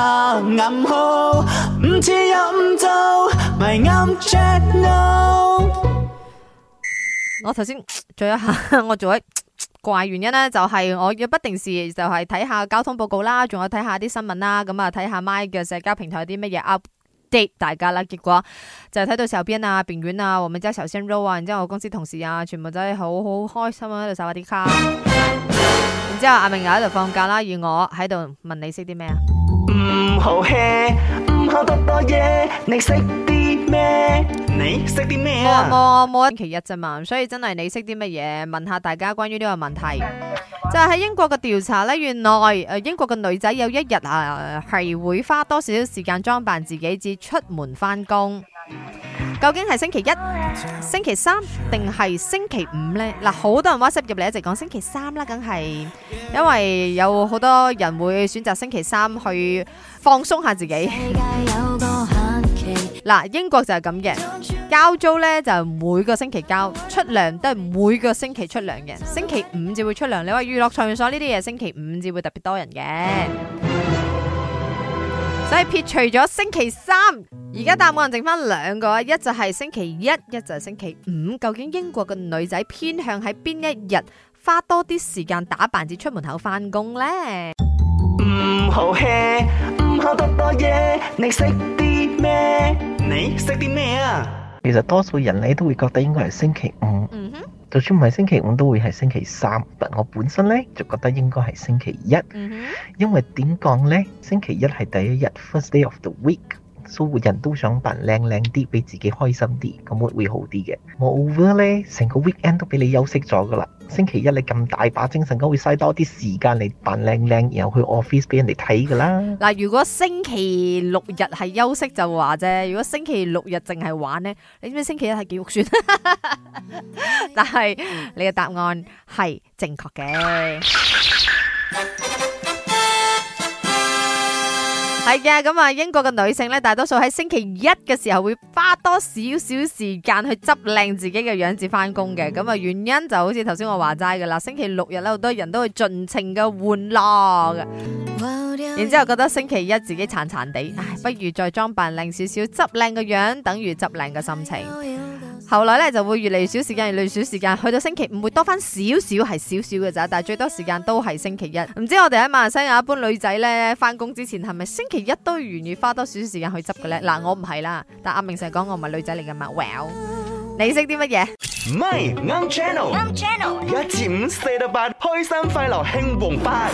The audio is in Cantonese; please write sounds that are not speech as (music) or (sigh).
啱好唔知飲酒，迷暗雀牛。我頭先做一下，我做啲怪原因呢，就係我不定時就係睇下交通報告啦，仲有睇下啲新聞啦，咁啊睇下 my 嘅社交平台有啲乜嘢 update 大家啦。結果就睇到小編啊、編員啊、黃美嘉首先 roll 啊，然之後我公司同事啊，全部都係好好開心啊，喺度耍下啲 card。然之後阿明又喺度放假啦，而我喺度問你識啲咩啊？唔好 hea，唔好多多嘢，你識啲咩？你識啲咩啊？我冇我星期日咋嘛，所以真係你識啲乜嘢？問下大家關於呢個問題， (music) 就係喺英國嘅調查咧。原來誒，英國嘅女仔有一日啊，係會花多少少時間裝扮自己至出門翻工。 (music) 究竟係星期一、星期三定係星期五呢？嗱，好多人 WhatsApp 入嚟一直講星期三啦，梗係，因為有好多人會選擇星期三去放鬆下自己。嗱，英國就係咁嘅，交租呢就係每個星期交，出糧都係每個星期出糧嘅，星期五至會出糧。你話娛樂場所呢啲嘢，星期五至會特別多人嘅。所以撇除咗星期三，而家答案剩翻兩個，一就係星期一，一就係星期五。究竟英國嘅女仔偏向喺邊一日花多啲時間打扮至出門口翻工呢？唔好吃，唔好多多嘢，你食啲咩？你食啲咩啊？其實多數人你都會覺得應該係星期五。嗯哼。就算唔係星期五都會係星期三，但我本身呢就覺得應該係星期一，mm hmm. 因為點講呢？星期一係第一日，first day of the week，所以人都想扮靚靚啲，俾自己開心啲，咁會會好啲嘅。Moreover 呢，成個 weekend 都俾你休息咗㗎喇。星期一你咁大把精神，梗會嘥多啲時間嚟扮靚靚，然後去 office 俾人哋睇㗎啦。嗱，如果星期六日係休息就話啫，如果星期六日淨係玩呢，你知唔知星期一係幾肉酸？ (laughs) 但係你嘅答案係正確嘅。係嘅，咁啊、嗯，英國嘅女性咧，大多數喺星期一嘅時候會花多少少時間去執靚自己嘅樣子翻工嘅，咁、嗯、啊原因就好似頭先我話齋㗎喇，星期六日咧好多人都會盡情嘅玩樂，然之後覺得星期一自己殘殘地，唉，不如再裝扮靚少少，執靚嘅樣等於執靚嘅心情。後來咧就會越嚟越少時間，越嚟越少時間，去到星期五會多翻少少係少少嘅咋，但係最多時間都係星期一。唔知我哋喺馬來西亞一般女仔咧翻工之前係咪星期一都要願意花多少少時間去執嘅咧？嗱，我唔係啦，但阿明成日講我唔係女仔嚟嘅嘛。Well，你識啲乜嘢？唔係 Ang Channel，Ang Channel，一至五四到八開心快樂興旺八。